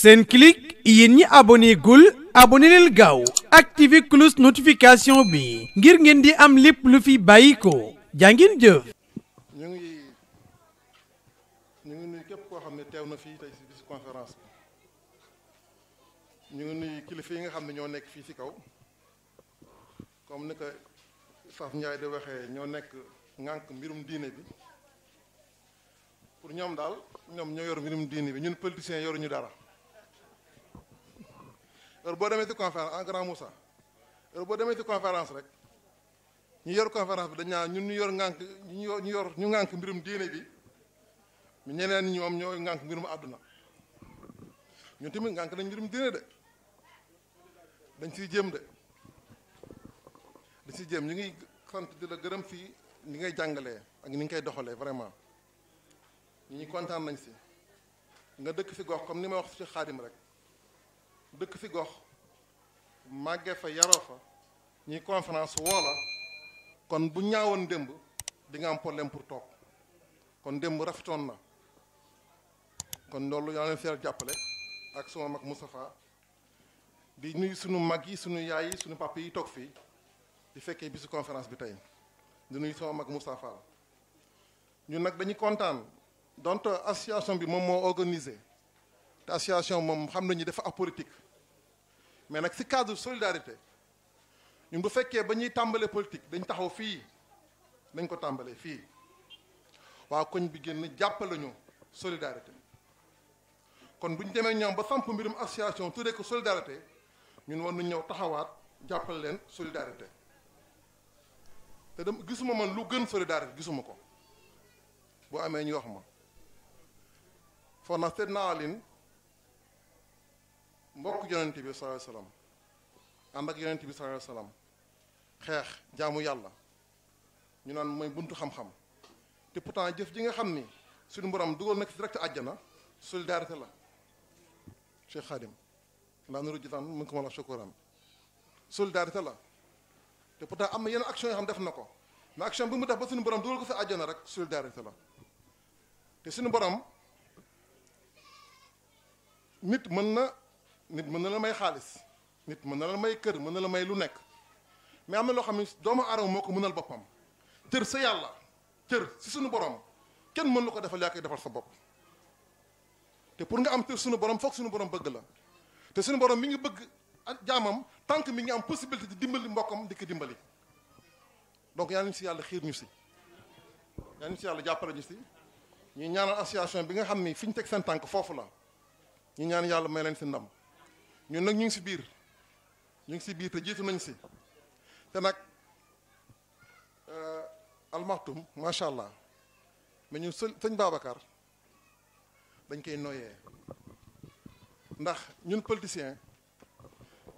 Senclic yéen ñi abonné gul abonné leen gaaw activé cloche notification bi ngir ngeen di am lépp lu fi bàyyikoo ko jàngin jëf. ñu ngi ñu képp koo xam ne teew na fii tey ci bis bi ñu ngi nuyu kilifa yi nga xam ne ñoo nekk fii ci kaw comme ni ko Saf Ndiaye di waxee ñoo nekk ŋànk mbirum diine bi pour ñoom daal ñoom ñoo yor mbirum diine bi ñun politiciens yoruñu dara. heure boo demee ci conférence en grand Moussa heure boo demee ci conférence rek ñu yor conférence bi dañaa naan ñun ñu yor ngànk ñu ñu yor ñu ngànk mbirum diine bi ñu ñeneen ñoom ñooy ngànk mbirum àdduna ñun tamit ngànk nañ mbirum diine de dañ siy jëm de dañ si jëm ñu ngi sant di la gërëm fii ni ngay jàngale ak ni nga koy doxalee vraiment ñu ñu kontaan nañ si nga dëkk si gox comme ni ma wax ci xaadim rek dëkk fi gox màgge fa yaroo fa ñuy conférence woo la kon bu ñaawoon démb di nga am problème pour toog kon démb rafetoon na kon loolu yaa leen fi jàppale ak suma mag Moustapha di nuyu suñu mag yi suñu yaay yi suñu papa yi toog fii di fekkee bisu conférence bi tey di nuyu suma mag Moustapha ñun nag dañu kontaan donte association bi moom moo organisé te association moom xam nañu dafa apolitique mais nag si cadre solidarité ñun bu fekkee ba ñuy tàmbalee politique dañ taxaw fii dañ ko tàmbalee fii waa koñ bi génn jàppale ñu solidarité kon bu ñu demee ñoom ba samp mbirum association tuddee ko solidarité ñun war nañ ñëw taxawaat jàppale leen solidarité te dem gisuma man lu gën solidarité gisuma ko boo amee ñu wax ma for na seet naa mbokk yonent bi sallallahu alayhi wasallam ànd ak yonent bi sallallahu alayhi xeex jaamu yàlla ñu naan mooy buntu xam-xam te pourtant jëf ji nga xam ni suñu borom dugal nag direct àjjana solidarité la Cheikh Khadim laa nuru jitaan mu ngi ko ma la shukuran solidarité la te pourtant am na yenn action yoo xam def na ko mais action bi mu def ba suñu borom dugal ko sa àjjana rek solidarité la te suñu borom nit mën na nit mën na la may xaalis nit mën na la may kër mën na la may lu nekk mais am na loo xam ne doomu aadama moo ko mënal boppam cër sa yàlla cër si suñu borom kenn mën na ko defal yaa koy defal sa bopp te pour nga am cër suñu borom foog suñu borom bëgg la te suñu borom mi ngi bëgg ak jaamam tànk que mi ngi am possibilité di dimbali mbokkam di ko dimbali donc yaa ngi si yàlla xiir ñu si yaa ngi si yàlla jàppale ñu si ñu ñaanal association bi nga xam ni fi ñu teg seen tànk foofu la ñu ñaan yàlla may leen si ndam ñun nag ñu ngi si biir ñu ngi si biir te jiitu nañ si te nag euh, almaxtum macha allah mais ñun sëñ Babacar dañ koy noyee ndax ñun politicien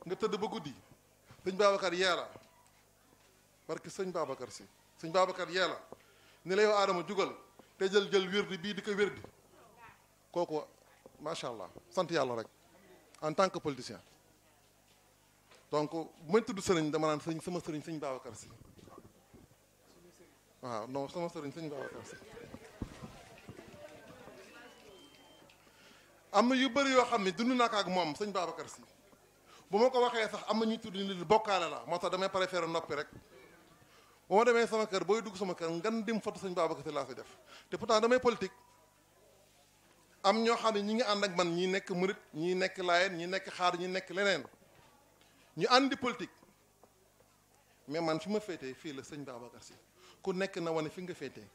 nga tëdd ba guddi sëñ Babacar yee la parce que sëñ Babacar si sëñ Babacar yee la ni la yow aadama jugal te jël jël wérdi bii di ko wérdi kooku macha allah sant yàlla rek. en tant que politicien donc bu may tudd sëriñ dama naan sëriñ sama sëriñ sëñ Babacar si waaw non sama sëriñ sëñ Babacar si am na yu bëri yoo xam ne dund naa ko ak moom sëñ Babacar si bu ma ko waxee sax am na ñuy tudd ni bokkaale la moo tax damay préféré noppi rek bu ma demee sama kër booy dugg sama kër ngan dim foto sëñ Babacar si laa fi def te pourtant damay politique am ñoo xam ne ñi ngi ànd ak man ñi nekk murit ñi nekk laayeen ñi nekk xaar ñi nekk leneen ñu àndi politique mais man fi ma féetee fii la sëñ Babacar Si ku nekk na wane fi nga féetee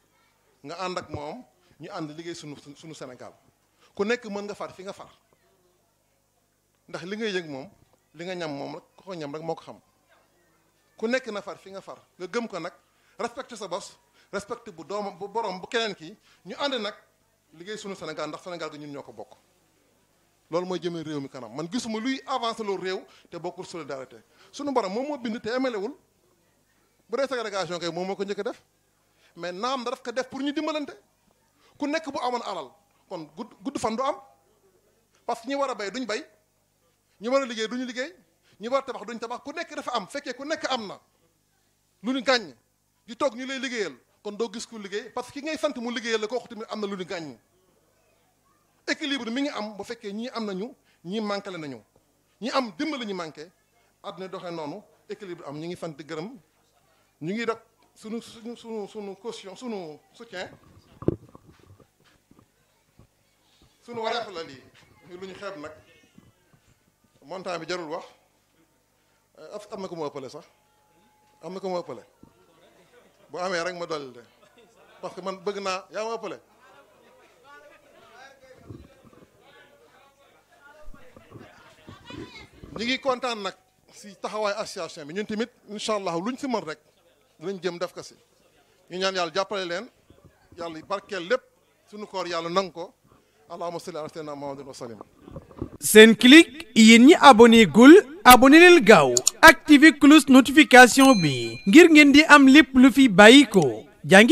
nga ànd ak moom ñu ànd liggéey sunu sunu senegal ku nekk mën nga far fi nga far ndax li ngay yëg moom li nga ñam moom rek ku ñam rek moo ko xam ku nekk na far fi nga far nga gëm ko nag respecté sa bos respecté bu doomam bu borom bu keneen kii ñu ànd nag liggéey sunu Sénégal ndax Sénégal gi ñun ñoo ko bokk loolu mooy jëmee réew mi kanam man gisuma luy avancé loolu réew te bokkul solidarité sunu borom moom moo bind te emelewul bu dee ségrégation kay moom moo ko njëkk def mais naam da daf ko def pour ñu dimbalante ku nekk bu amoon alal kon gudd gudd fan du am parce que ñi war a bay duñ bay ñu war a liggéey duñu liggéey ñu war a tabax duñ tabax ku nekk dafa am fekkee ku nekk am na lu ñu gàññ di toog ñu lay liggéeyal kon doo gis ku liggéey parce que ngay sant mu liggéeyal la kooku tamit am na lu ñu gàññ équilibre mi ngi am bu fekkee ñii am nañu ñii manqué le nañu ñi am dimbali ñu manqué àdduna doxe noonu équilibre am ñu ngi sant gërëm ñu ngi def sunu suñu sunu sunu caution sunu soutien sunu wareef la lii lu ñu xeeb nag montant bi jarul wax af am na ko mu ëppale sax am na ko mu ëppale boo amee rek ma dolli parce que man bëgg naa yaa ma ëppale ñu ngi kontaan nag si taxawaay association bi ñun tamit incha allah luñ si mën rek dinañ jëm def ko si ñu ñaan yàlla jàppale leen yàlla barkeel lépp sunu koor yàlla nang ko allahumma salli ala sayyidina muhammadin wa sallim seen clic yéen ñi aboné gul aboné leen gaaw activé cloche notification bi ngir ngeen di am lépp lu fi bàyyi ko jaa